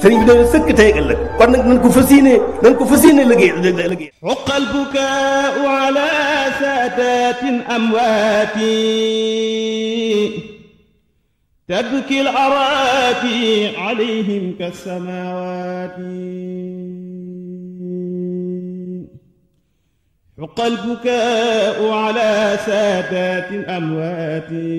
sëriñ bi dana sëkk tey ak ëllëg kon nag nañ ko fas yéene nañ ko fas yéene liggéey liggéey uqal bukaau ala saadatin amwaati tabki al araati alayhim kasamawaati حق البكاء على سادات أمواتي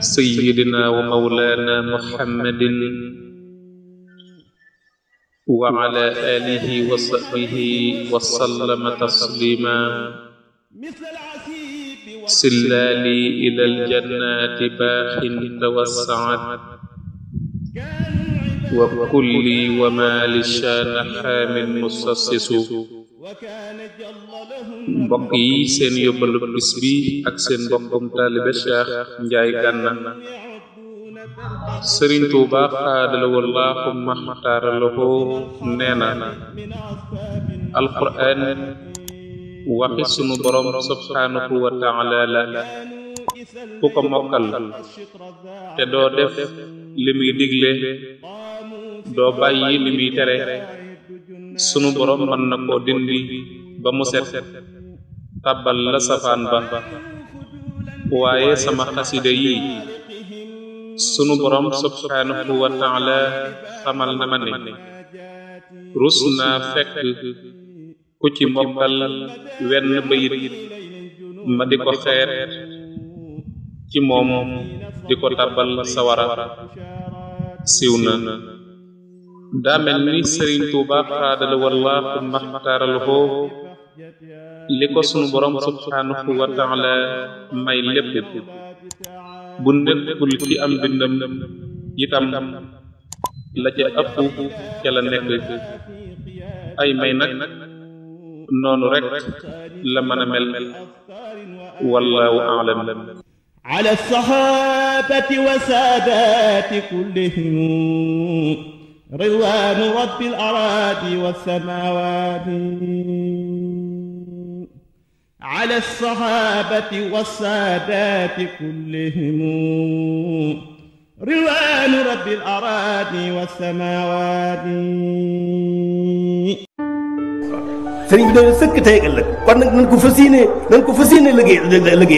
سيدنا ومولانا محمد وعلى آله وصحبه وسلم تسليما سلالي إلى الجنات باخ توسعت وكلي وما للشان حام مصصص mbokk yi seen yóbbalu bis bi ak seen mbokkum taalibe Cheikh Njaay Gànna sëriñ Tuuba xaadala wallaahu maxtaara lahu nee na waxi sunu borom subhaanahu wa taala la ku ko mokkal te doo def li muy doo bàyyi li muy sunu borom mën na koo dindi ba mu set tàbbal la safaan ba waaye sama xasida yi sunu borom subhaanahu wa taala xamal na ma ne rus naa fekk ku ci mokkal wenn bayit ma di ko xeet ci moom di ko tàbbal sawara siw na daa mel ni sëriñ tuuba xaadala wallaahu maxtaaral hoo li ko sunu borom subhaanahu wa taala may lépp bu nekkul ci am bindam itam la ca ëpp ca la nekk ay may nag noonu rek la mën a mel wallaahu aalam ala saxaabati wa saadaati kullihim ridwaan rabbil araadi was samaawaati ala saxaabati was saadaati kullihim ridwaan rabbil araadi was samaawaati. sëriñ bi de sëkk tey ëllëg kon nag nañ ko fas yéene nañ ko fas yéene liggéey liggéey.